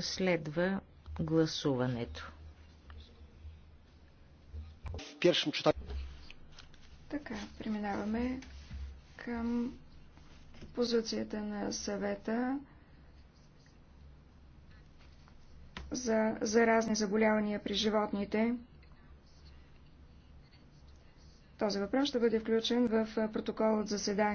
Следва гласуването. Така, преминаваме към позицията на съвета за заразни заболявания при животните. Този въпрос ще бъде включен в протокол от заседание.